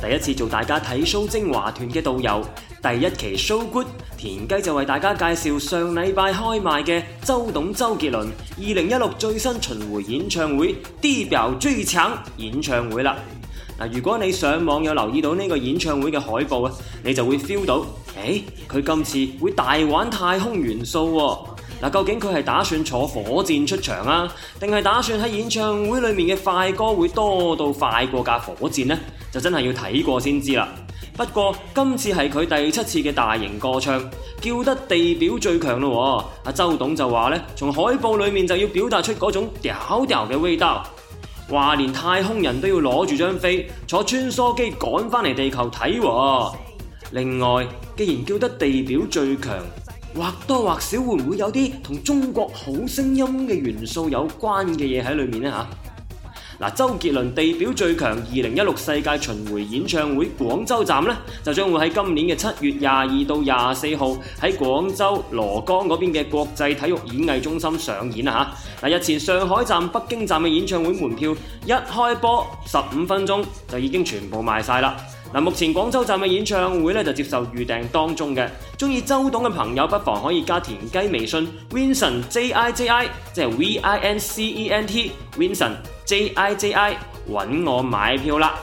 第一次做大家睇 show 精華團嘅導遊，第一期 show good 田雞就為大家介紹上禮拜開賣嘅周董周杰倫二零一六最新巡回演唱會地表最強演唱會啦。嗱，如果你上網有留意到呢個演唱會嘅海報啊，你就會 feel 到，誒、欸，佢今次會大玩太空元素、啊。嗱，究竟佢係打算坐火箭出場啊，定係打算喺演唱會裏面嘅快歌會多到快過架火箭呢？就真係要睇過先知啦。不過今次係佢第七次嘅大型個唱，叫得地表最強咯喎。阿周董就話咧，從海報裏面就要表達出嗰種屌屌嘅味道，話連太空人都要攞住張飛坐穿梭機趕翻嚟地球睇喎。另外，既然叫得地表最強，或多或少會唔會有啲同中國好聲音嘅元素有關嘅嘢喺裏面呢？吓？嗱，周杰倫地表最強二零一六世界巡迴演唱會廣州站咧，就將會喺今年嘅七月廿二到廿四號喺廣州蘿崗嗰邊嘅國際體育演藝中心上演吓。嗱，日前上海站、北京站嘅演唱會門票一開波十五分鐘就已經全部賣晒啦。目前廣州站嘅演唱會接受預訂當中嘅，鍾意周董嘅朋友不妨可以加田雞微信 Vincent J I J I，即係 V I N C E N T Vincent J I J I 揾我買票啦。